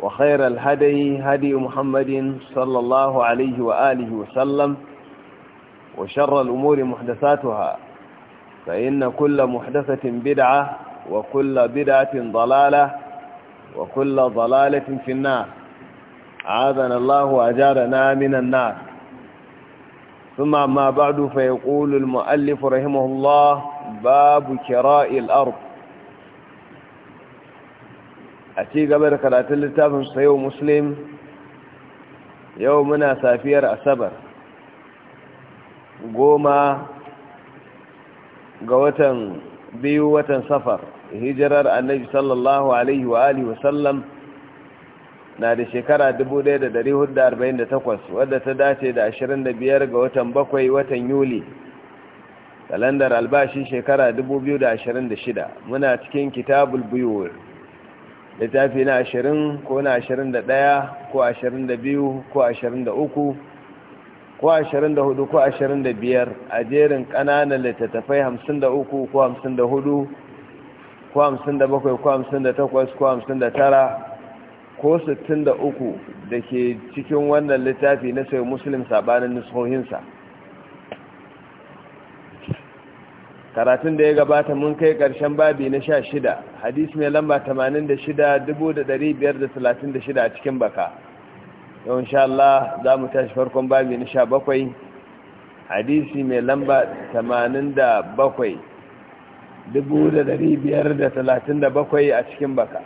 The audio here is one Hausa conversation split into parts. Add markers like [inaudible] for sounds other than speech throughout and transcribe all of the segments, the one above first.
وخير الهدي هدي محمد صلى الله عليه وآله وسلم وشر الأمور محدثاتها فإن كل محدثة بدعة وكل بدعة ضلالة وكل ضلالة في النار عاذنا الله وأجارنا من النار ثم ما بعد فيقول المؤلف رحمه الله باب كراء الأرض a ci gaba da karatun littafin sayo muslim yau muna safiyar asabar goma ga watan biyu watan safar hijirar annabi sallallahu alaihi wa alihi wasallam na da shekara 1448 wadda ta dace da 25 ga watan bakwai watan yuli kalandar albashi shekara 2026 muna cikin kitabul buyur littafi na ashirin ko na ashirin da ɗaya ko ashirin da biyu ko ashirin da uku ko ashirin da hudu ko ashirin da biyar a jerin ƙananan littattafai hamsin da uku ko hamsin da hudu ko hamsin da bakwai ko hamsin da takwas ko hamsin da tara ko sittin da uku da ke cikin wannan littafi na sai musulun saɓanin nusohinsa karatun da ya gabata mun kai ƙarshen babi na sha shida hadis mai lamba tamanin da shida dubu da dari biyar da talatin da shida a cikin baka yau insha Allah za mu tashi farkon babi na sha bakwai hadisi mai lamba tamanin da bakwai dubu da dari biyar da talatin da bakwai a cikin baka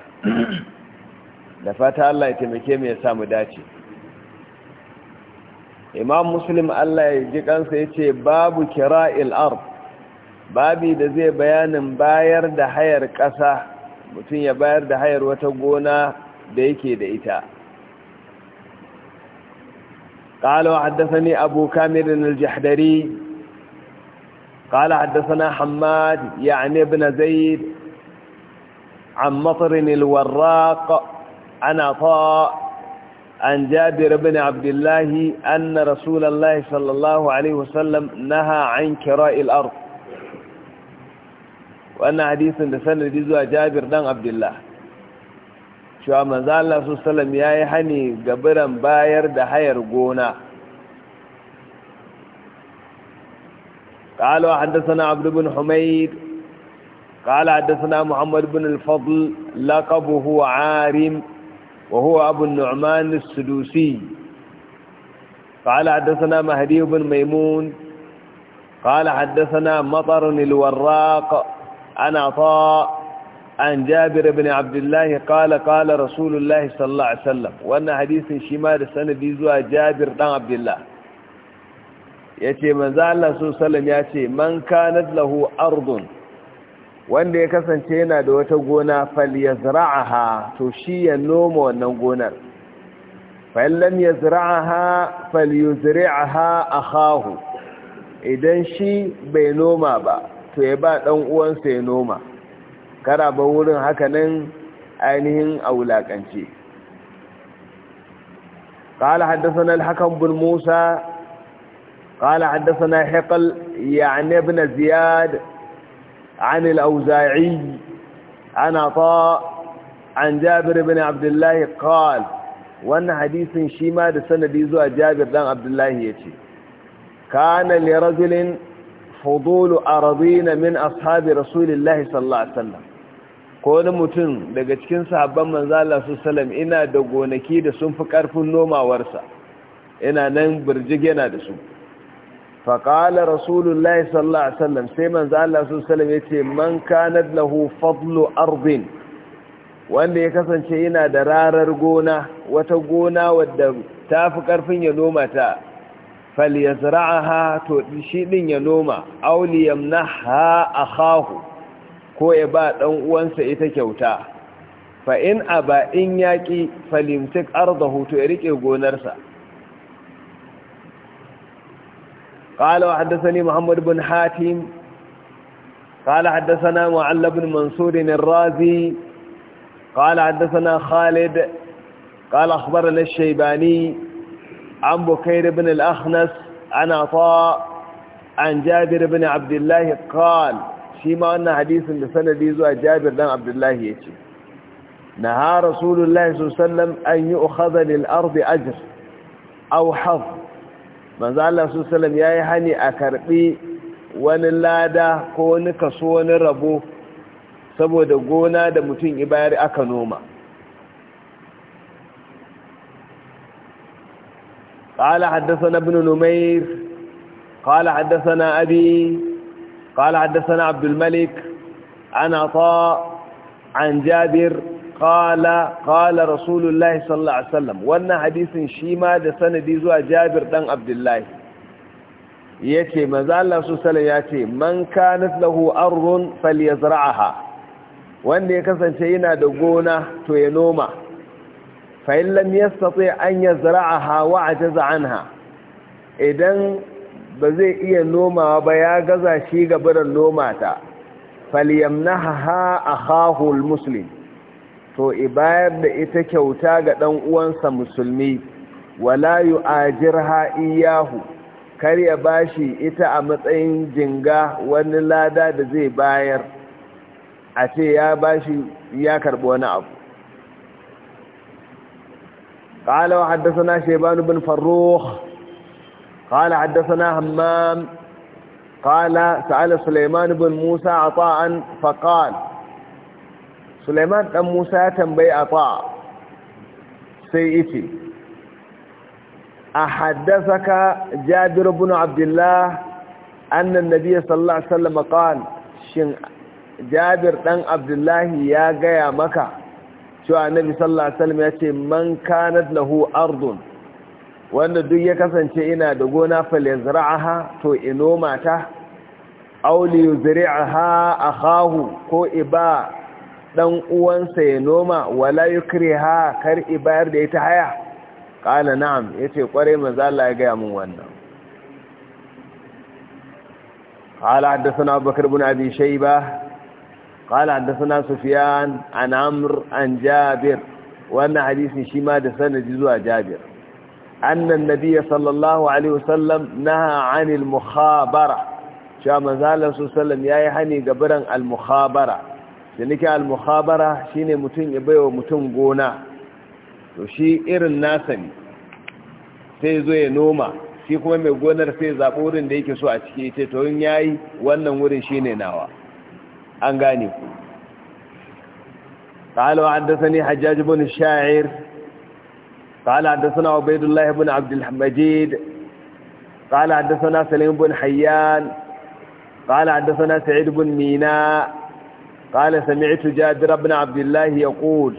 da fata Allah ya taimake mu ya samu dace imam muslim Allah ya ji kansa ya ce babu kira ard babi da zai bayanin bayar da hayar ƙasa mutum ya bayar da hayar wata gona da yake da ita قال وحدثني أبو كامر الجحدري قال حدثنا حماد يعني ابن زيد عن مطر الوراق عن عطاء عن جابر بن عبد الله أن رسول الله صلى الله عليه وسلم نهى عن كراء الأرض wannan hadisin da sanadi zuwa jabir dan abdullah cewa manzo Allah su sallam ya yi hani ga biran bayar da hayar gona قال وحدثنا عبد بن حميد قال حدثنا محمد بن الفضل لقبه عارم وهو أبو النعمان السدوسي قال حدثنا مهدي بن ميمون قال حدثنا مطر الوراق عن عطاء عن جابر بن عبد الله قال قال رسول الله صلى الله عليه وسلم وأن حديث شمال سنة بيزوى جابر بن عبد الله يتي من ذا الله صلى الله عليه وسلم يتي من كانت له أرض wanda ya kasance yana da wata gona falyazra'aha to shi ya noma wannan gonar fallam yazra'aha falyuzri'aha akhahu idan shi bai noma ba wato ya ba ɗan uwansa ya noma kara ba wurin hakanan ainihin a wulaƙance ƙala haddasa hakan bin musa ƙala haddasa na haƙal ya ne bi na ziyad عن الأوزاعي عن Abdullahi عن جابر بن عبد الله قال وأن حديث شيما دسنة ديزو جابر بن عبد الله يتي كان لرجل fudulu aradina min ashabi rasulillahi sallallahu alaihi wasallam ko wani mutum daga cikin sahabban manzo Allah sallallahu ina da gonaki da sun fi karfin nomawarsa ina nan burjige na da su فقال رسول الله صلى الله عليه وسلم سيما زال الله صلى الله عليه وسلم يتي من wanda ya kasance yana da rarar gona wata gona wadda ta fi ƙarfin ya noma ta falyazra'aha to shi ɗin ya noma aw liyamnaha akahu ko ya ba ɗan uwansa ita kyauta fa in yaƙi in yaki falimtik ardahu to ya riƙe gonarsa قال وحدثني محمد بن حاتم قال حدثنا معل بن منصور الرازي na حدثنا خالد قال أخبرنا الشيباني عن بكير بن الأخنس عن عطاء عن جابر بن عبد الله قال شيما أن حديث لسند يزوى جابر بن عبد الله يجي نهى رسول الله صلى الله عليه وسلم أن يؤخذ للأرض أجر أو حظ ما زال الله صلى الله عليه وسلم يا يحني أكربي ونلادة كونك صون ربو saboda gona da mutum ibayar aka noma قال حدثنا ابن نمير قال حدثنا أبي قال حدثنا عبد الملك عن عطاء عن جابر قال قال رسول الله صلى الله عليه وسلم وانا حديث شيما ده سندي زوا جابر دان عبد الله yace manzo Allah su sallallahu yace man kanat lahu ardun falyazra'aha wanda ya kasance yana da gona to ya noma fa'in lam sato an a jaza an ha idan ba zai iya nomawa ba ya gaza shi gaba noma ta falyamnaha hahul musulmi to ibayar da ita kyauta ga dan uwansa musulmi wala yu'ajirha iyahu kar ya bashi ita a matsayin jinga wani lada da zai bayar a ce ya shi ya karbi wani abu قال وحدثنا شيبان بن فروخ قال حدثنا همام قال سأل سليمان بن موسى عطاء فقال سليمان بن موسى تنبي عطاء سيئتي أحدثك جابر بن عبد الله أن النبي صلى الله عليه وسلم قال شن جابر بن عبد الله يا قيا مكة cewa annabi sallallahu alaihi wasallam ya ce man kanat lahu ardun wanda duk ya kasance ina da gona falyazra'aha to inoma ta aw yuzri'aha akahu ko iba dan uwansa ya noma wala yukriha kar ibayar da ita haya kana na'am yace kware manzo Allah ya ga mun wannan qala حدثنا أبو بكر قال حدثنا سفيان عن عمرو عن جابر وأن حديث شيما دسنة جزوى جابر أن النبي صلى الله عليه وسلم نهى عن المخابرة شاء مزالة صلى الله عليه وسلم يا يحني قبرا المخابرة لأنك المخابرة شيني متن يبيو متن قونا وشي إر الناس سيزوي نوما shi kuma mai gonar sai zaɓi wurin da yake so a ciki ita to yin yayi wannan wurin shine nawa an gane ku قال وحدثني حجاج بن الشاعر قال حدثنا عبيد الله بن عبد الحميد قال حدثنا سليم بن حيان قال حدثنا سعيد بن ميناء قال سمعت جابر بن عبد الله يقول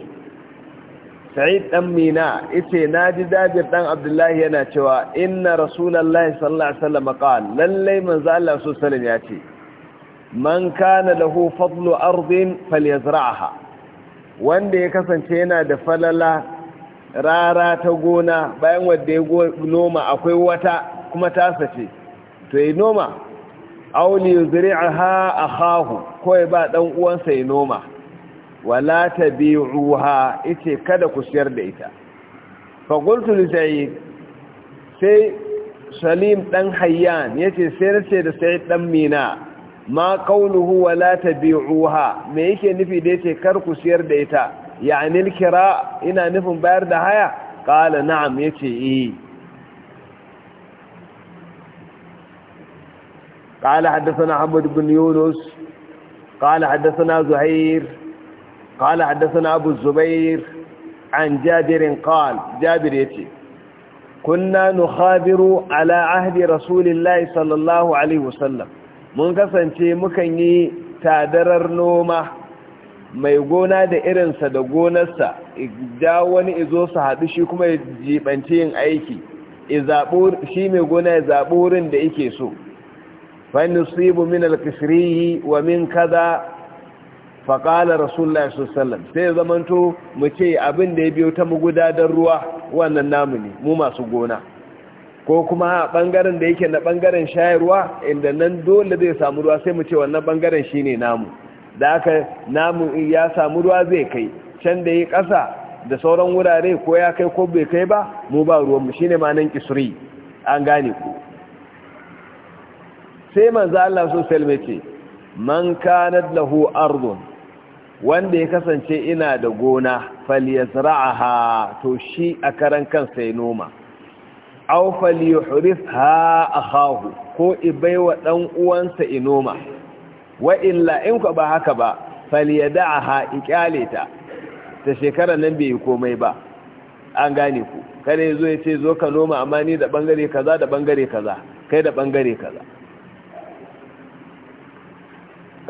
سعيد بن ميناء اتي نادي جابر بن عبد الله ينا cewa inna rasulullahi sallallahu alaihi wasallam قال للي من زال الله صلى الله عليه وسلم ياتي man kana lahu fadlu ardin falyazra'aha wanda ya kasance yana da falala rara ta gona bayan wanda ya noma akwai wata kuma ta sace to ya noma auli yuzri'aha akahu ko ya ba dan uwansa ya noma wala tabi'uha ite kada ku siyar da ita fa qultu li sa'id sai salim dan hayyan yace sai nace da sa'id dan mina ma qawluhu wa la tabi'uha me yake nufi da yace kar ku siyar da ita ya'nil kira ina nufin bayar da haya qala na'am yace eh قال حدثنا عبد بن يونس قال حدثنا زهير قال حدثنا أبو الزبير عن جابر قال جابر يتي كنا نخابر على عهد رسول الله صلى الله عليه وسلم mun kasance mukan yi tadarar noma mai gona da irinsa da gonarsa ja wani izo su haɗu shi kuma ya jibanci yin aiki shi mai gona ya zaɓi wurin da yake so fannin sibu min alkisriyi wa min kaza faƙalar rasulullah sallam sai ya zamanto mu ce abin da ya biyo ta mu gudadar ruwa wannan namu ne mu masu gona ko kuma a bangaren da yake na bangaren shayarwa inda nan dole zai samu ruwa sai mu ce wannan bangaren shine namu da aka namu ya samu ruwa zai kai can da yi ƙasa da sauran wurare ko ya kai ko bai kai ba mu ba ruwan mu shine manan kisri an gane ku sai manzo Allah so salme ce man kanat lahu ardun wanda ya kasance ina da gona falyazra'aha to shi a karan kansa ya noma aw falyuhrifha akahu ko ibaiwa dan uwansa inoma wa illa in ku ba haka ba falyad'aha iqalita ta shekara nan bai komai ba an gane ku kare yazo ya ce zo ka noma amma ni da bangare kaza da bangare kaza kai da bangare kaza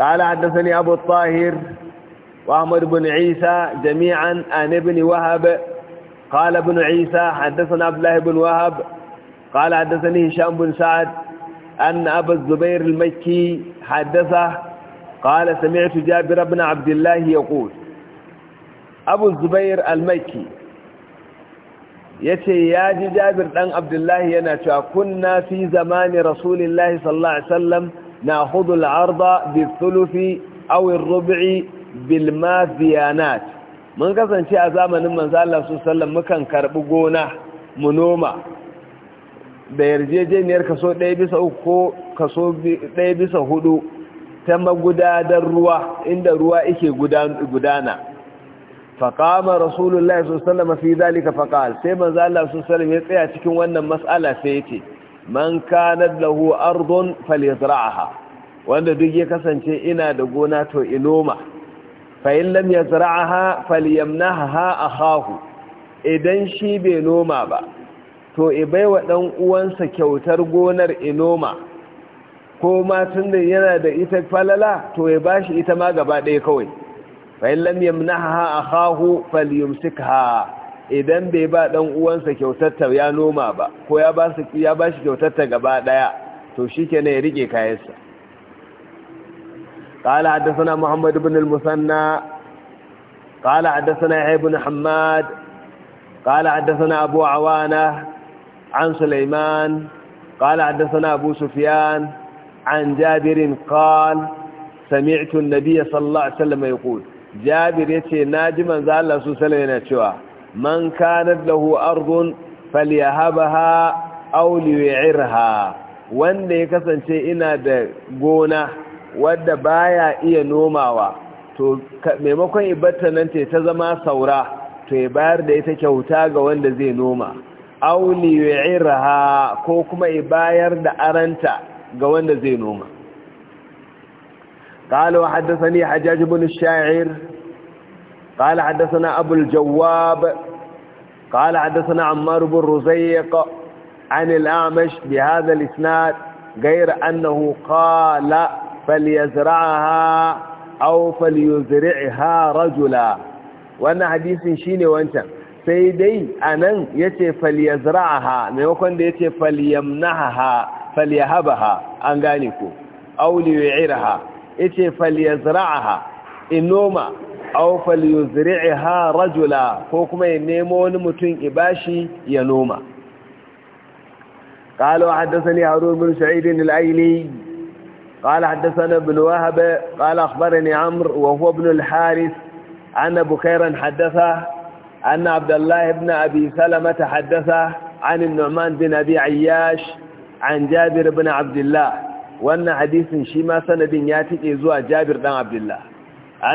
قال حدثني أبو الطاهر ahmad بن Isa, Jami'an, عن ابن وهب قال ابن عيسى حدثنا عبد الله بن وهب قال حدثني هشام بن سعد أن أبا الزبير المكي حدثه قال سمعت جابر بن عبد الله يقول أبو الزبير المكي يتي يا جابر بن عبد الله يناتوا كنا في زمان رسول الله صلى الله عليه وسلم نأخذ العرض بالثلث أو الربع بالماذيانات mun kasance a zamanin manzala su sallan mukan karbi gona mu da yarjejeniyar kaso ɗaya bisa uku ko kaso ɗaya bisa hudu ta magudadar ruwa inda ruwa ike gudana faƙama rasulullah su sallama mafi zalika faƙal sai manzala su sallar ya tsaya cikin wannan matsala sai ya ce man kanar lahu ardun falizra'aha wanda duk ya kasance ina da gona to inoma fa'in lam ya zara'aha a idan shi bai noma ba to ibai wa ɗan uwansa kyautar gonar inoma ko matan da yana da ita falala to ya bashi ita ma gaba ɗaya kawai fa'in lam yamnaha akhahu falyumsikha idan bai ba ɗan uwansa kyautar ta ya noma ba ko ya ba shi kyautar ta gaba ɗaya to shikenan ya rike kayansa قال حدثنا محمد بن المثنى قال حدثنا يحيى بن حماد قال حدثنا أبو عوانة عن سليمان قال حدثنا أبو سفيان عن جابر قال سمعت النبي صلى الله عليه وسلم يقول جابر يتي ناجما ذا الله سلسلين شوى من كانت له أرض فليهبها أو ليعرها wanda ya kasance ina da gona wadda baya iya nomawa to maimakon ibatta nan ta ta zama saura to ya bayar da ita kyauta ga wanda zai noma auli yu'irha ko kuma ya bayar da aranta ga wanda zai noma قال وحدثني حجاج بن الشاعر قال حدثنا أبو الجواب قال حدثنا عمار بن رزيق عن الأعمش بهذا الإسناد غير أنه قال falyazra'aha aw falyuzri'ha rajula wannan hadisin shine wancan sai dai anan yace falyazra'aha maimakon da yace falyamnaha falyahabaha an gane ko aw liyu'iraha yace falyazra'aha inoma aw falyuzri'ha rajula ko kuma ya nemo wani mutum i bashi ya noma قالوا حدثني هارون بن سعيد الايلي قال حدثنا ابن وهب قال أخبرني عمرو وهو ابن الحارث أن بكيرا حدثه أن عبد الله بن أبي سلمة حدثه عن النعمان بن أبي عياش عن جابر بن عبد الله وأن حديث شما سند ياتيك إزوى جابر بن عبد الله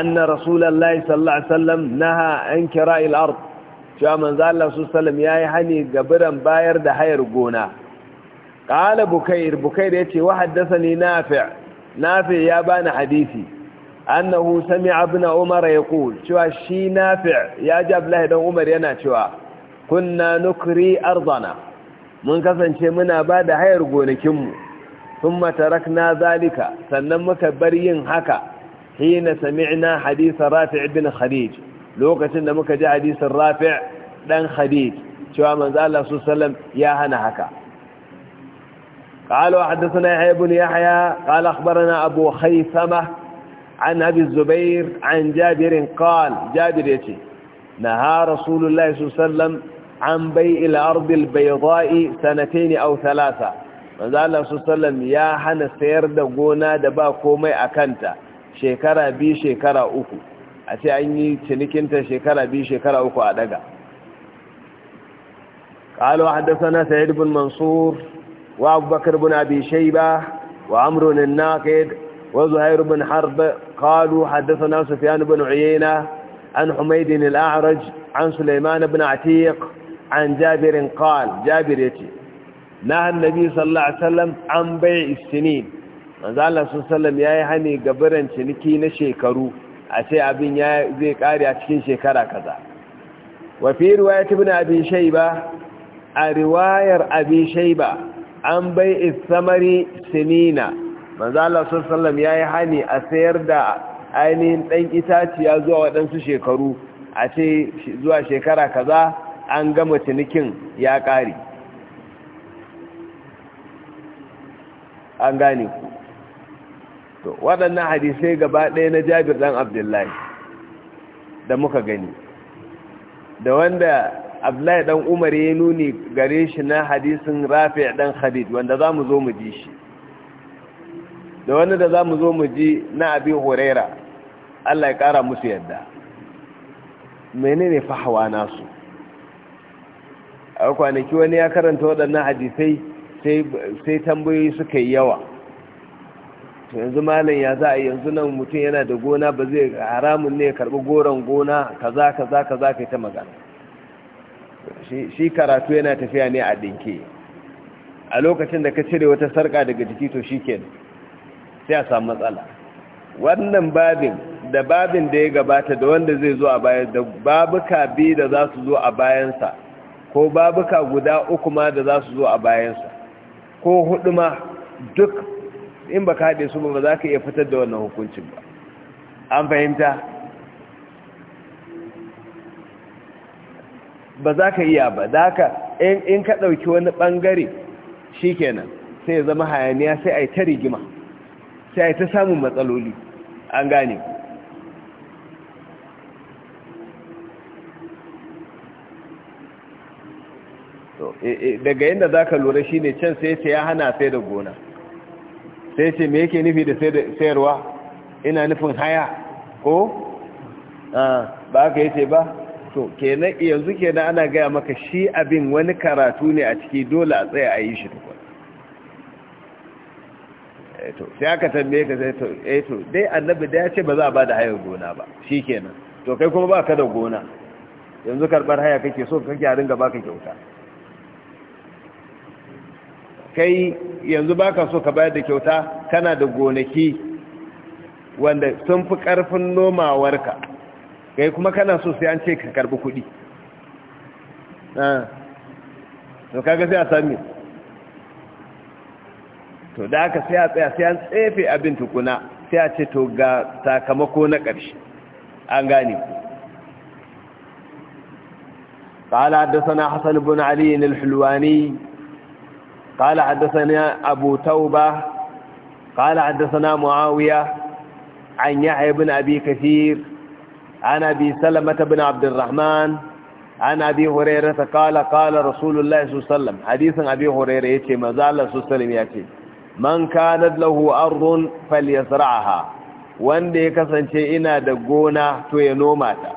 أن رسول الله صلى الله عليه وسلم نهى عن كراء الأرض شو من ذا الله صلى الله عليه وسلم يا يحني قبرا باير دحير قونا Ƙala bukair bukair yace wa haddathani nafi' nafi' ya bani hadisi annahu sami'a ibn umar yaqul cewa shi nafi' ya ja abdullahi dan umar yana cewa kunna nukri arzana." mun kasance muna ba da hayar gonakinmu sun matarakna zalika sannan muka bar yin haka hina sami'na hadisa rafi' bin khadij lokacin da muka ji hadisin rafi' ɗan khadij cewa manzo Allah ya hana haka قالوا حدثنا يحيى بن يحيى قال أخبرنا أبو خيثمة عن أبي الزبير عن جابر قال جابر يتي نهى رسول الله صلى الله عليه وسلم عن بيع الأرض البيضاء سنتين أو ثلاثة manzo Allah sallallahu ya hana sayar da gona da ba komai a kanta shekara bi shekara uku a ce an yi cinikinta shekara bi shekara uku a daga قالوا حدثنا سعيد بن منصور وأبكر بن أبي شيبة وعمر الناقد وزهير بن حرب قالوا حدثنا سفيان بن عيينة عن حميد الأعرج عن سليمان بن عتيق عن جابر قال جابر يتي نهى النبي صلى الله عليه وسلم عن بيع السنين manzal Allah sallallahu alaihi wasallam yayi hani ga gabaran ciniki na shekaru a sai abin zai kare a cikin shekara kaza wa fi riwayat ibn abi a riwayar abi an bai isamari sinina manzo Allah sallallahu yayi hani a sayar da ainihin dan itaciya zuwa wadansu shekaru a ce zuwa shekara kaza an gama cinikin ya kare an gane ku to waɗannan hadisai gaba ɗaya na Jabir dan Abdullahi da muka gani da wanda abdullahi dan umar ya nuni gare shi na hadisin rafi' dan khalid wanda za mu zo mu ji shi da wani da za mu zo mu ji na abi Horaira, allah ya kara musu yadda menene fahawa nasu a kwanaki wani ya karanta waɗannan hadisai sai tambayoyi suka yi yawa to yanzu malam ya za a yanzu nan mutum yana da gona ba zai haramun ne ya karɓi goron gona kaza kaza kaza kai ta magana shi karatu yana tafiya ne a dinke a lokacin da ka cire wata sarka daga jiki to shi kenan sai a samu matsala wannan babin da babin da ya gabata da wanda zai zo a bayan da babuka biyu da za su zo a bayansa ko babuka guda uku ma da za su zo a bayansa ko hudu ma duk in ba ka haɗe su ba za ka iya fitar da wannan hukuncin ba an fahimta ba za ka iya ba za ka, in ka ɗauki wani ɓangare shi kenan sai ya zama hayaniya sai a yi ta rigima sai a yi ta samun matsaloli an gane e, e, daga yadda za ka lura shi ne can sai ce ya hana sai da gona sai ce me yake nufi da sayarwa ina nufin haya ko ah, ba ka yi ce ba to kenan yanzu kenan ana gaya maka shi abin wani karatu ne a ciki dole a tsaya a yi shi tukun eh, to sai aka tambaye ka sai to eh to dai annabi da ya ce ba za a ba da hayar gona ba shi kenan to kai kuma ba ka da gona yanzu karɓar haya kake so kake a ringa baka kyauta kai yanzu baka so ka bayar da kyauta kana da gonaki wanda sun fi ƙarfin nomawarka gai kuma kana so sai an ce ka karbi kudi ah. to kaga sai a sami to da aka sai a tsaya sai an tsefe abin tukuna sai a ce to ga sakamako na ƙarshe an gane قال حدثنا حسن بن علي الحلواني قال حدثنا أبو توبة قال حدثنا معاوية عن يحيى بن أبي كثير عن أبي سلمة بن عبد الرحمن عن أبي هريرة قال قال رسول الله صلى الله عليه وسلم حديث أبي هريرة يتي مزال الله صلى الله عليه وسلم يتي man kanat lahu ardun wanda ya kasance ina da gona to ya noma ta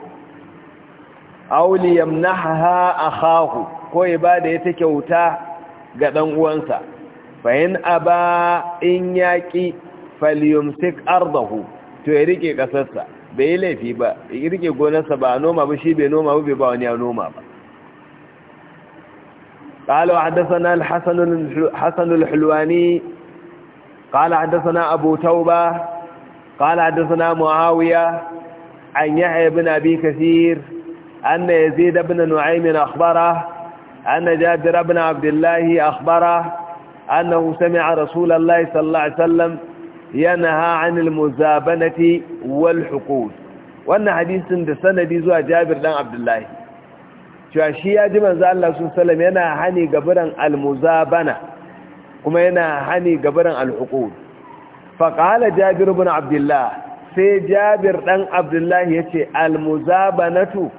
aw liyamnaha akhahu ko ibada ya take kyauta ga dan uwansa fa in aba in yaqi falyumsik ardahu to ya rike kasarsa bai yi laifi ba ya rike gonarsa ba a noma ba shi bai noma ba bai ba wani ya noma ba قال وحدثنا الحسن حسن الحلواني قال حدثنا أبو توبة قال حدثنا معاوية عن يحيى بن أبي كثير أن يزيد بن نعيم أخبره أن جابر بن عبد الله أخبره أنه سمع رسول الله صلى الله عليه وسلم Yanaha anil muzabanati wal huqud wannan hadisin da sanadi zuwa jabir dan abdullahi cewa shi ya ji manzo Allah sun salam yana hani gabaran muzabana kuma yana hani gabaran huqud fa qala jabir ibn abdullah sai jabir dan abdullahi yace almuzabanatu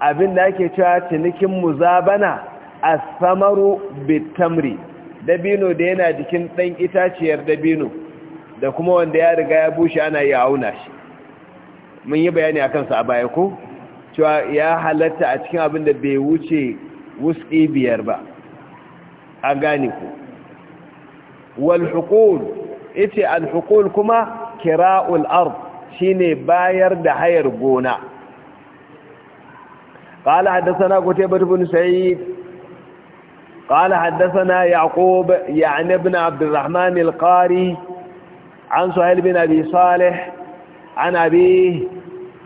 abinda ake cewa cinikin muzabana as-samaru bitamri dabino da yana jikin dan itaciyar dabino da kuma wanda ya riga ya bushe ana a auna shi mun yi bayani a kansa a baya ko cewa ya halatta a cikin abin da bai wuce wutsi biyar ba a gane ku walhukul ita alhukul kuma kira'ul ard shine bayar da hayar gona قال حدثنا قتيبة بن سعيد قال حدثنا يعقوب يعني ابن عبد الرحمن القاري عن سهيل بن أبي صالح عن أبيه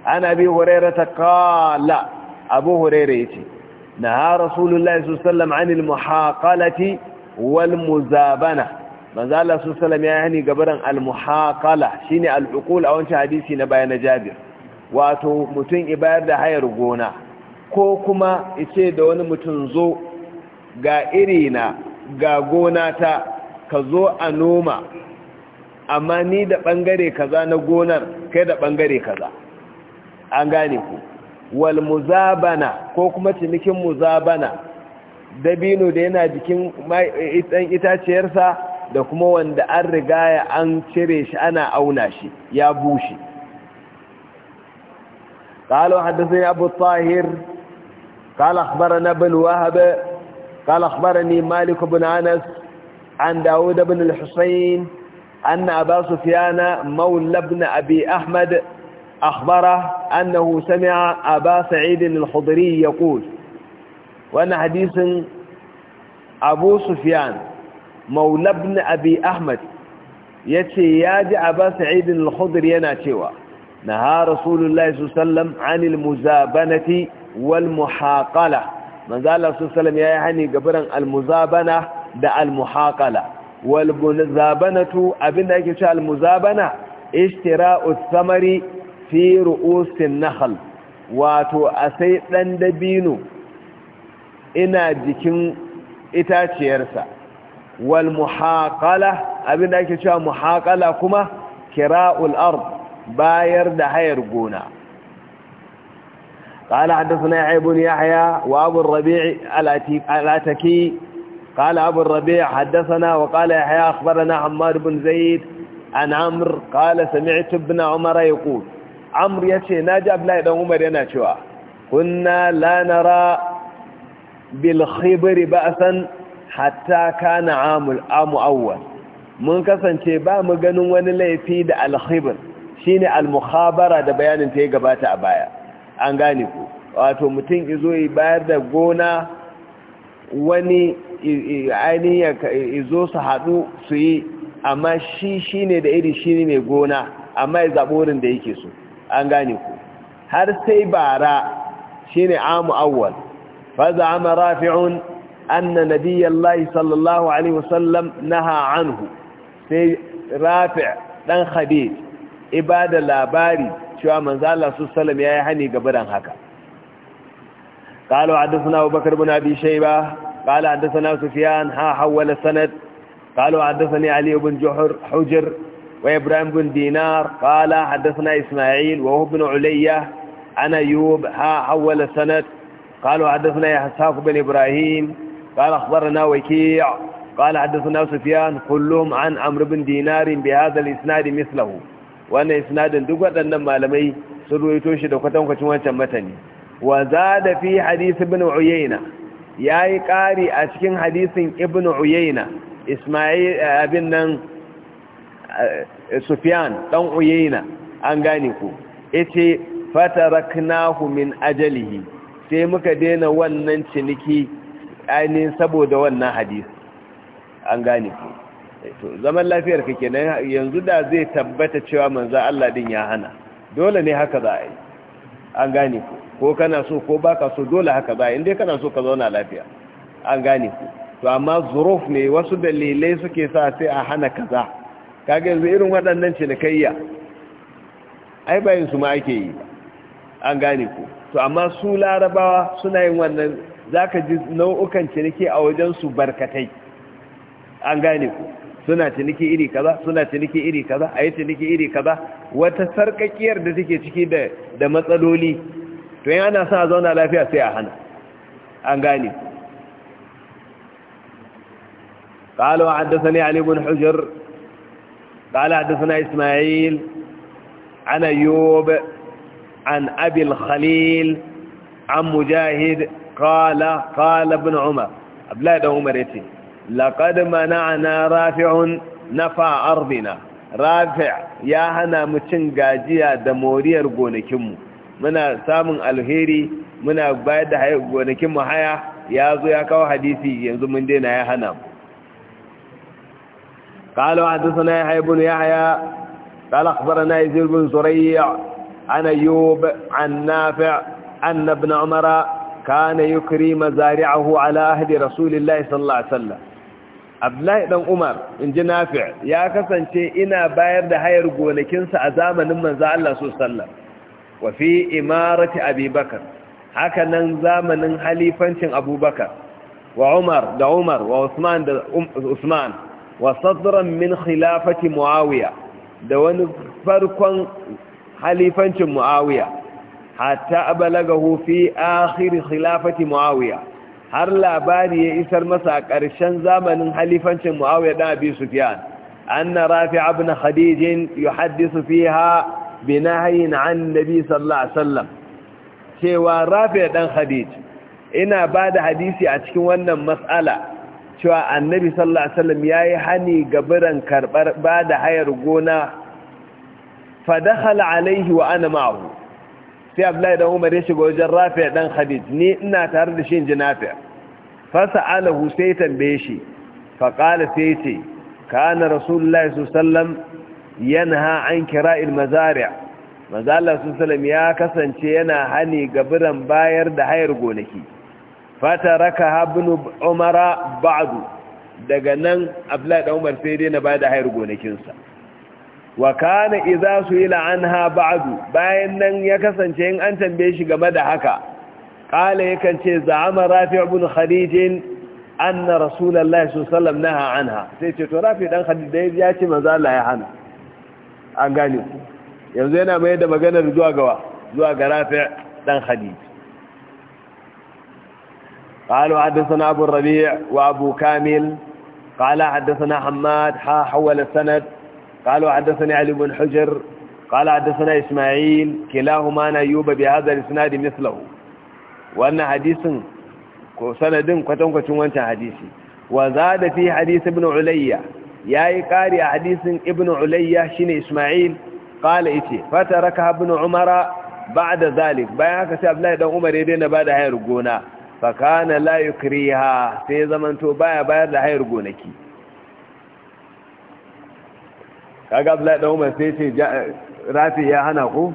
عن أبي هريرة قال لا أبو هريرة نهى رسول الله صلى الله عليه وسلم عن المحاقلة والمزابنة ما زال الله صلى الله عليه وسلم يعني قبرا المحاقلة شيني العقول أو أنت حديثي نباين جابر واتو متن إبار da hayar gona كوكما kuma ice da wani mutum zo ga irina ga amma ni da ɓangare kaza na gonar kai da bangare kaza an gane ku wal muzabana ko kuma cinikin muzabana dabino da yana jikin eh, ɗan itaciyarsa da kuma wanda an rigaya an cire shi ana auna shi ya bushe قالوا حدثني أبو الطاهر قال أخبرنا بن وهب قال أخبرني مالك بن An عن داود بن الحسين أن أبا سفيان مولى بن أبي أحمد أخبره أنه سمع أبا سعيد الخضري يقول وأن حديث أبو سفيان مولى بن أبي أحمد يتي ياجي أبا سعيد الخضري يناتيوه نهى رسول الله صلى الله عليه وسلم عن المزابنة والمحاقلة من ذا الله صلى الله عليه وسلم يا يعني قبرا المزابنة دع المحاقلة wal muzabanatu abinda ake cewa al muzabana samari fi ru'usin nahl wato a sai dan dabino ina jikin itaciyarsa wal muhaqala abinda ake cewa muhaqala kuma kira'ul ard bayar da hayar gona قال حدثنا يحيى بن يحيى وابو الربيع الاتكي قال أبو الربيع حدثنا وقال يحيى أخبرنا عمار بن زيد عن عمر قال سمعت ابن عمر يقول عمر يتشي ناجي أبلاي بن عمر يناشوا كنا لا نرى بالخبر بأسا حتى كان عام العام أول من kasance ba mu ganin wani laifi da alkhibir shine almukhabara da bayanin ta ya gabata a baya an gane ku wato mutum izo yi ainihin ya zo su haɗu su yi amma shi shi ne da iri shi ne gona amma ya zaɓi wurin da yake so an gane ku har sai bara shi ne amu awwal faza ama rafi'un anna nabiyallahi sallallahu alaihi wasallam naha anhu sai rafi' dan khabib ibada labari cewa manzo Allah sallallahu yi hani gaban haka قالوا عدثنا أبو بكر بن أبي شيبة قال حدثنا سفيان ها حول السند قالوا حدثني علي بن جحر حجر وإبراهيم بن دينار قال حدثنا إسماعيل وهو بن عليا عن أيوب ها حول السند قالوا حدثنا يحساف بن إبراهيم قال أخبرنا وكيع قال حدثنا سفيان كلهم عن عمرو بن دينار بهذا الإسناد مثله وأن إسناد دقة أنما لمي سرويتوش دقة وكتوان شمتني وزاد في حديث ابن عيينة ya yi ƙari a cikin hadisin ibn uyayna ismail eh, abin nan eh, sufyan ɗan uyayna an gane ku ita fataraknahu min ajalihi sai muka daina wannan ciniki ainihin saboda wannan hadisi an gane ku eh, zaman lafiyar ka kenan yanzu da zai tabbata cewa manzo Allah din ya hana dole ne haka za a yi an gane ku ko kana so ko baka so dole haka ba inda kana so ka zauna lafiya an gane to amma zuruf ne wasu dalilai suke sa sai a hana kaza kage yanzu irin waɗannan cinikayya ai bayin su ma ake yi an gane ku to amma su larabawa suna yin wannan zaka ji nau'ukan ciniki a wajen su barkatai an gane ku suna ciniki iri kaza suna ciniki iri kaza ayi ciniki iri kaza wata sarkakiyar da take ciki da matsaloli to yin ana sa zauna lafiya sai a hana an gane قال وحدثني علي بن حجر قال حدثنا إسماعيل عن أيوب عن أبي الخليل عن مجاهد قال قال ابن عمر أبلاد عمر يتي لقد منعنا رافع نفع أرضنا رافع يا هنا متشنقاجيا دموريا رقونكمو muna samun alheri muna bayar da gonakin mu haya ya zo ya kawo hadisi yanzu mun daina ya hana mu حدثنا يحيى بن يحيى قال أخبرنا يزيد بن زريع عن أيوب عن نافع أن ابن عمر كان يكري مزارعه على أهل رسول الله صلى الله عليه وسلم Abdullahi dan Umar in ji Nafi' ya kasance ina bayar da hayar gonakinsa a zamanin manzo Allah sallallahu alaihi wasallam wa fi imarati abubakar haka nan zamanin halifancin abubakar wa umar da umar wa usman da um-, usman wa sadran min khilafati muawiya da wani farkon halifancin muawiya hatta abalagahu fi akhir khilafati muawiya har labari ya isar masa a ƙarshen zamanin halifancin muawiya dan abi sufyan anna rafi' ibn khadij yuhaddisu fiha Binahayin an nabi sallallahu alaihi wasallam cewa rafi dan khadija, ina bada hadisi a cikin wannan mas'ala cewa annabi sallallahu alaihi wasallam yayi hani ga gabaran karbar bada hayar gona fa dakhala alaihi wa ana ma'ahu sai Abdullahi dan Umar ya shiga wajen Rafi dan khadija. ni ina tare da shi in Fasa Alahu sai tambaye shi fa qala sai ce kana rasulullahi sallallahu alaihi wasallam yanha an kira mazari' mazalar sun salam ya kasance yana hani gabiran bayar da hayar gonaki fata raka habinu umara ba'adu daga nan abla da umar sai dai na bayar da hayar gonakinsa wa kana yi la'an ha ba'du bayan nan ya kasance yin an tambaye shi game da haka kance yakan ce ma rafi' abin khalid anna rasulallah sallallahu alaihi na ha'an ha sai ce to rafi dan khalid ya ce maza la ya hana yanzu yana mai da maganar zuwa gawa zuwa ga rafi dan hadisi qalu hadathana abu rabi' wa abu kamil qala hadathana hammad ha hawala sanad qalu hadathani ali ibn hujr qala hadathana isma'il kilahuma na yuba bi sanadin kwatankwacin wancan hadisi wa zada fi hadith ibn ulayya ya yi ƙari a hadisin ibn ulayya shine ismail ƙala ice fata raka abin umara ba da zalik bayan haka sai abdullahi dan umar ya daina ba da hayar gona na la yukriha sai zamanto baya bayar da hayar gonaki kaga abdullahi dan umar sai ce rafi ya hana ku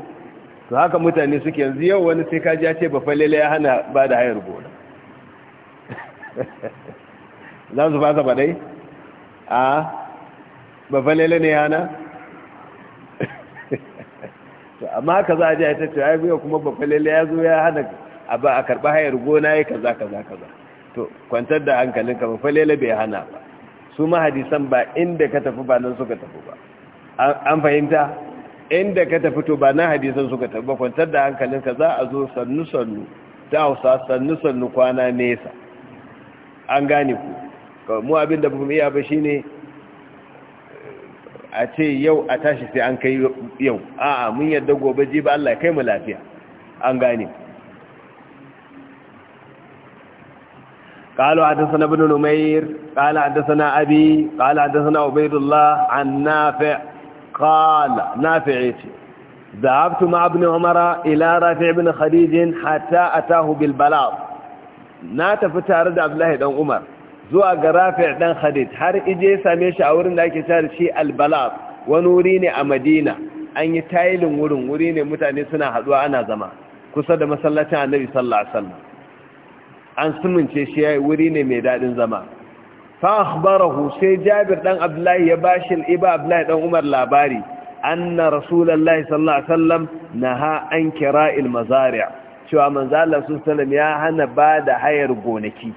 to haka mutane suke yanzu yau wani sai kaji ya ce ba falele ya hana ba da hayar gona [laughs] za su fasa ba dai a ah. ba ne yana amma ka za a ji a ta ce biya kuma ba ya zo ya hana a ba a karɓa hayar gona ya kaza kaza kaza to kwantar da hankalinka ba falele bai hana ba su mahadisan ba inda ka tafi ba nan suka tafi ba an fahimta inda ka tafi to ba nan hadisan suka tafi ba kwantar da hankalinka za a zo sannu sannu ta hausa sannu sannu kwana nesa an gane ku mu abin da iya ba shine a ce yau a tashi sai an kai yau a'a mun yadda gobe ji ba Allah kai mu lafiya an gane قالوا حدثنا ابن نمير قال حدثنا أبي قال حدثنا عبيد الله عن نافع قال نافع ذهبت مع ابن عمر إلى رافع بن خديج حتى أتاه بالبلاغ ناتف تارد عبد الله بن عمر zuwa ga rafi' dan hadith har ije same shi a wurin da ake cewa shi al-balab wani wuri ne a madina an yi tayilin wurin wuri ne mutane suna haduwa ana zama kusa da masallacin annabi sallallahu alaihi wasallam an sumunce shi yayi wuri ne mai dadin zama fa akhbarahu sai Jabir dan Abdullahi ya bashi iba Abdullahi dan Umar labari anna rasulullahi sallallahu alaihi wasallam naha an al mazari' cewa manzo Allah sallallahu alaihi wasallam ya hana bada hayar gonaki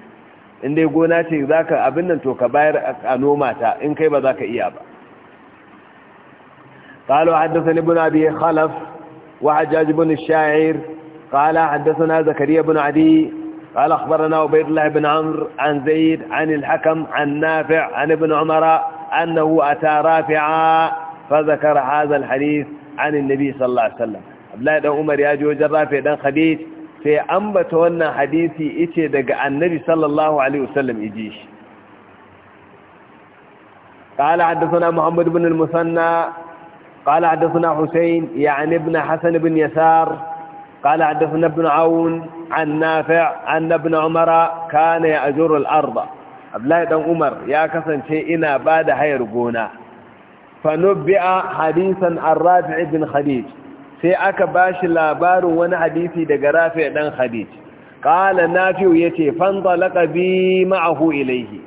in dai gona ce za ka abin nan to ka bayar a noma ta in kai ba za ka iya ba قالوا حدثني ابن أبي خلف وحجاج بن الشاعر قال حدثنا زكريا بن عدي قال أخبرنا عبيد الله بن عمرو عن زيد عن الحكم عن نافع عن ابن عمر أنه أتى رافعا فذكر هذا الحديث عن النبي صلى الله عليه وسلم عبد الله بن عمر يا جوج رافع بن خديج sai ambata wannan hadisi ice daga annabi sallallahu alaihi wasallam iji shi قال حدثنا محمد بن المثنى قال حدثنا حسين يعني ابن حسن بن يسار قال حدثنا ابن عون عن نافع أن ابن عمر كان يأجر الأرض أبلاي دم عمر يا كسن شيئنا بعد حير قونا فنبئ حديثا عن رافع بن خديج sai aka bashi labarin wani hadisi daga rafi dan na fi nafi'u yace fandalaqa laƙabi ma'ahu ilaihi.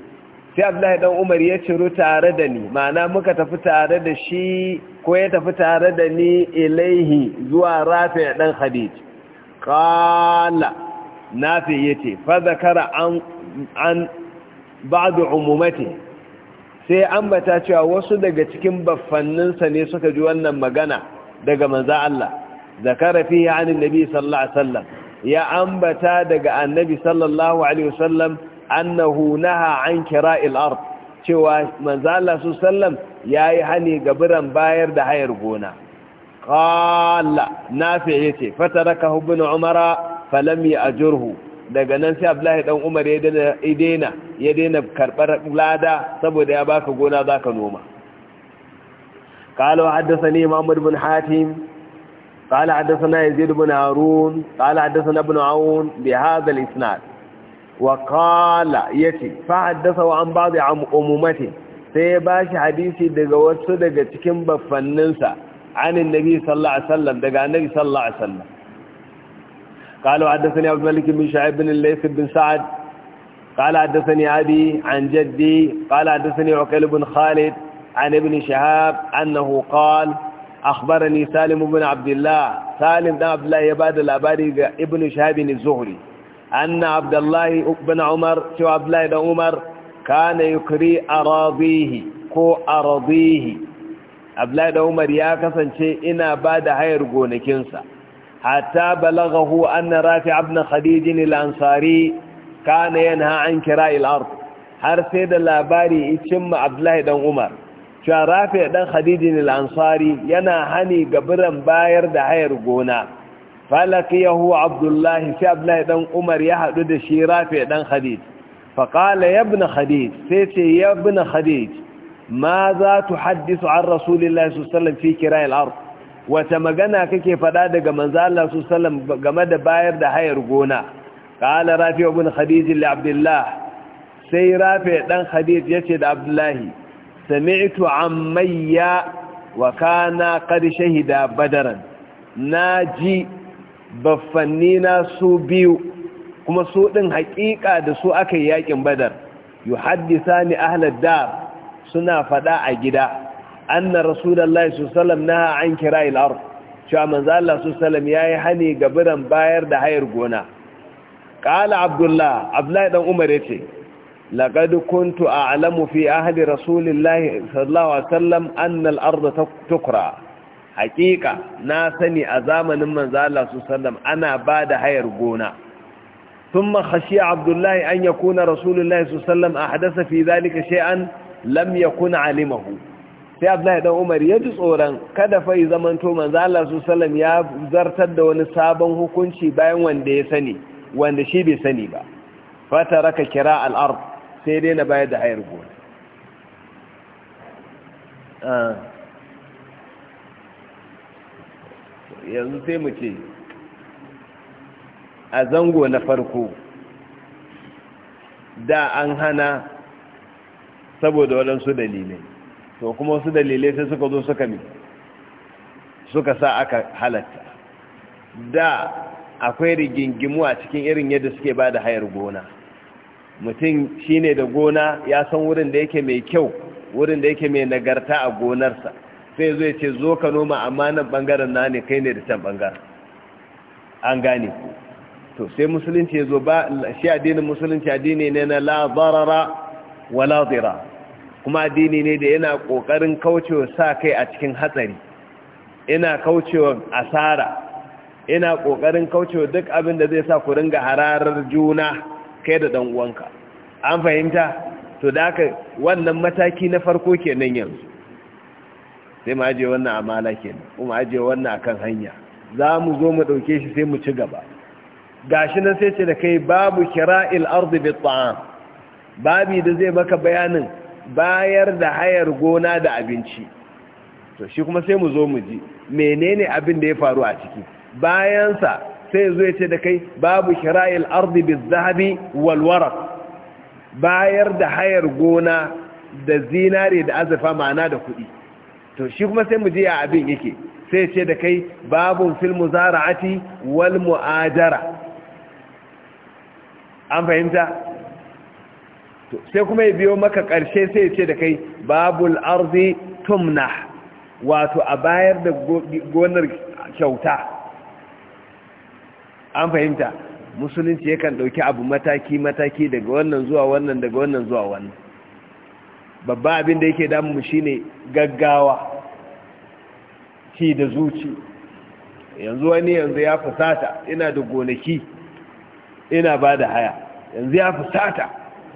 sai abdullahi ɗan umar ya ciro tare da ni ma'ana muka tafi tare da shi ko ya tafi tare da ni ilaihi zuwa rafi dan Ƙala na fi yace fa zakara an ba da umumati sai bata cewa wasu daga cikin baffanninsa ne suka ji wannan magana daga manza Allah zakara fihi anin nabi sallallahu alaihi wasallam ya ambata daga annabi sallallahu alaihi wasallam annahu naha an kira ard cewa manza Allah sallallahu alaihi wasallam yayi hani bayar da hayar gona qala nafi yace fataraka ibn umara falam ya'jurhu daga nan sai abdullahi Ɗan umar ya daina ya daina lada saboda ya baka gona zaka noma قال وحدثني محمد بن حاتم قال حدثنا يزيد بن هارون قال حدثنا ابن عون بهذا الإسناد وقال يتي فحدثه عن بعض عمومته سيباش حديثي دقوات صدق تكن بفننسا عن النبي صلى الله عليه وسلم دقى النبي صلى الله عليه وسلم قالوا حدثني عبد الملك بن شعيب بن الليث بن سعد قال حدثني أبي عن جدي قال حدثني عقيل بن خالد عن ابن شهاب أنه قال أخبرني سالم بن عبد الله سالم بن عبد الله يبادل الأباري ابن شهاب الزهري أن عبد الله بن عمر شو عبد الله بن عمر كان يكري أراضيه كو أراضيه عبد الله بن عمر يا كسن شيء إنا بعد هير جونكنسا حتى بلغه أن رافع بن خديج الأنصاري كان ينهى عن كراء الأرض har sai da labari ya cimma abdullahi dan umar cewa rafi ɗan hadidin al'ansari yana hani ga biran bayar da hayar gona falaki yahu abdullahi sai abdullahi ɗan umar ya haɗu da shi rafe ɗan hadid faƙala ya bin hadid sai ce ya bin hadid ma za tu haddisu an rasulillah su sallam fi kira al'ar wata magana kake faɗa daga manzala su sallam game da bayar da hayar gona ƙala rafi wa bin hadidin abdullahi sai rafe ɗan hadid ya ce da abdullahi sami'tu ammayya wa kana qad shahida badaran naji baffanni na su biyu kuma su ɗin haƙiƙa da su aka yi yakin badar yuhaddisani ahlad dar suna faɗa a gida anna rasulullahi sallallahu alaihi wasallam naha an kira'il ard cewa manzo Allah sallallahu alaihi wasallam yayi hani gaburan bayar da hayar gona qala abdullah abdullahi ɗan umar yace لقد كنت أعلم في أهل رسول الله صلى الله عليه وسلم أن الأرض تقرأ حقيقة ناسني أزامن من ذا الله صلى الله عليه وسلم أنا بعد هيرقونا ثم خشي عبد الله أن يكون رسول الله صلى الله عليه وسلم أحدث في ذلك شيئا لم يكن علمه sai Abdullahi dan Umar ya ji tsoron kada fa zamanto manzo Allah sallallahu alaihi ya zartar da wani sabon hukunci bayan wanda ya sani wanda shi bai sani ba fataraka kira al-ard sai dai na bayar da hayar gona ah. yanzu sai mu ce a zango na farko da an hana saboda waɗansu dalilai to kuma wasu dalilai sai suka zo suka mi suka sa aka halatta da akwai rigingimu a cikin irin yadda suke ba da hayar gona mutum shi ne da gona ya san wurin da yake mai kyau wurin da yake mai nagarta a gonarsa sai zai ce zo ka noma amma nan ɓangaren na ne kai ne da can ɓangaren. an gane to sai musulunci ya zo ba shi addinin musulunci addini ne na la wa la kuma addini ne da yana ƙoƙarin kaucewa sa kai a cikin hatsari ina kaucewa asara ina ƙoƙarin kaucewa duk abin da zai sa ku ringa hararar juna kai da ɗan'uwanka. an fahimta to da aka wannan mataki na farko ke nan yanzu sai mu ajiye wannan malake kenan kuma ajiye wannan a kan hanya za mu zo mu ɗauke shi sai mu ci gaba Ga shi nan sai ce da kai babu kira ardi bi ta'am babi da zai maka bayanin bayar da hayar gona da abinci to shi kuma sai mu zo mu ji menene abin da ya faru a ciki bayansa sai zo ya ce da kai babu shira'il ardi bi zahabi wal bayar da hayar gona da zinare da azurfa ma'ana da kuɗi to shi kuma sai mu je a abin yake sai ce da kai babun filmu zara'ati wal mu'ajara an fahimta to sai kuma ya biyo maka ƙarshe sai ce da kai babul arzi tumna wato a bayar da gonar kyauta an fahimta musulunci yakan ɗauki abu mataki-mataki daga wannan zuwa wannan daga wannan zuwa wannan babba abin da yake damu shine gaggawa ci da zuci yanzu wani yanzu ya fusata ina da gonaki ina ba da haya yanzu ya fusata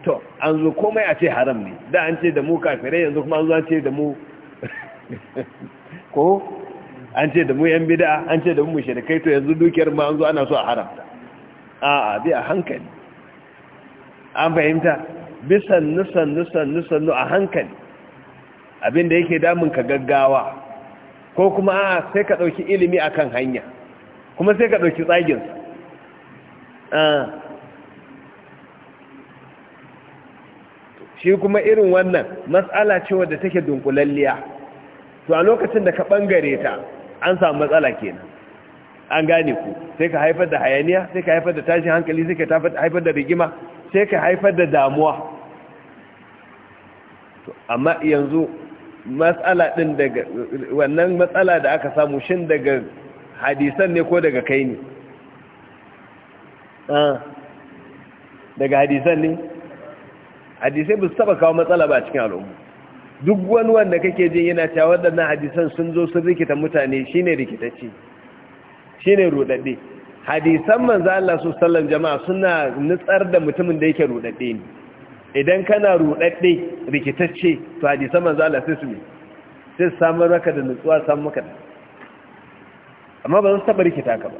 to an zo komai a ce haram ne da an ce da mu kafirai yanzu kuma an zo an ce da mu [laughs] ko an ce da mu yan bid'a an ce da mu mushrikai to yanzu dukiyar ma an zo ana so a haramta a'a bi a hankali an fahimta sannu sannu sannu sannu a hankali abinda yake damun ka gaggawa ko kuma a sai ka dauki ilimi akan hanya kuma sai ka dauki tsagin shi kuma irin wannan matsala ce wadda take dunkulalliya to a lokacin da ka bangare ta an samu matsala kenan an gane ku sai ka haifar da hayaniya sai ka haifar da tashin hankali sai ka haifar da rigima sai ka haifar da damuwa amma yanzu matsala din daga wannan matsala da aka samu shin daga hadisan ne ko daga kai ne ah, daga hadisan ne hadisai ba su taba kawo matsala ba cikin al'umma duk wani wanda kake jin yana cewa waɗannan hadisan sun zo sun rikita mutane shine rikitacce shine rudadde hadisan manzo Allah su sallan jama'a suna nutsar da mutumin da yake rudadde ne idan kana rudadde rikitacce to hadisan manzo Allah sai su ne sai su samu maka da nutsuwa samu maka da amma ba su taba rikita ka ba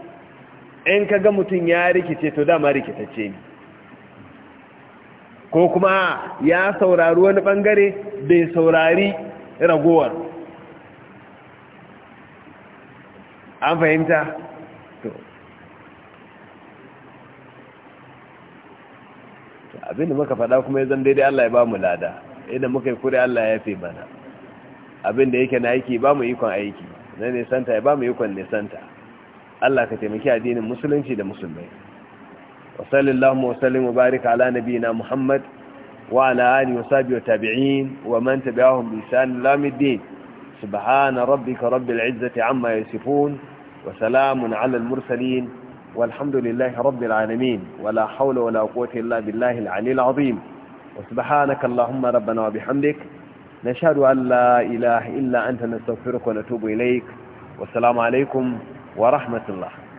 in kaga mutum ya rikice to dama rikitacce ne ko kuma ya saurari wani bangare bai saurari ragowar an fahimta abin da muka faɗa kuma ya zan daidai Allah ya ba mu lada inda muka yi kure Allah ya fi mana abin yake na aiki ba mu ikon aiki na nisanta ya ba mu ikon nisanta Allah ka taimaki addinin musulunci da musulmai وصل اللهم وسلم وبارك على نبينا محمد وعلى آله وصحبه وتابعين ومن تبعهم بإسان لام الدين سبحان ربك رب العزة عما يصفون وسلام على المرسلين والحمد لله رب العالمين ولا حول ولا قوة إلا بالله العلي العظيم وسبحانك اللهم ربنا وبحمدك نشهد أن لا إله إلا أنت نستغفرك ونتوب إليك والسلام عليكم ورحمة الله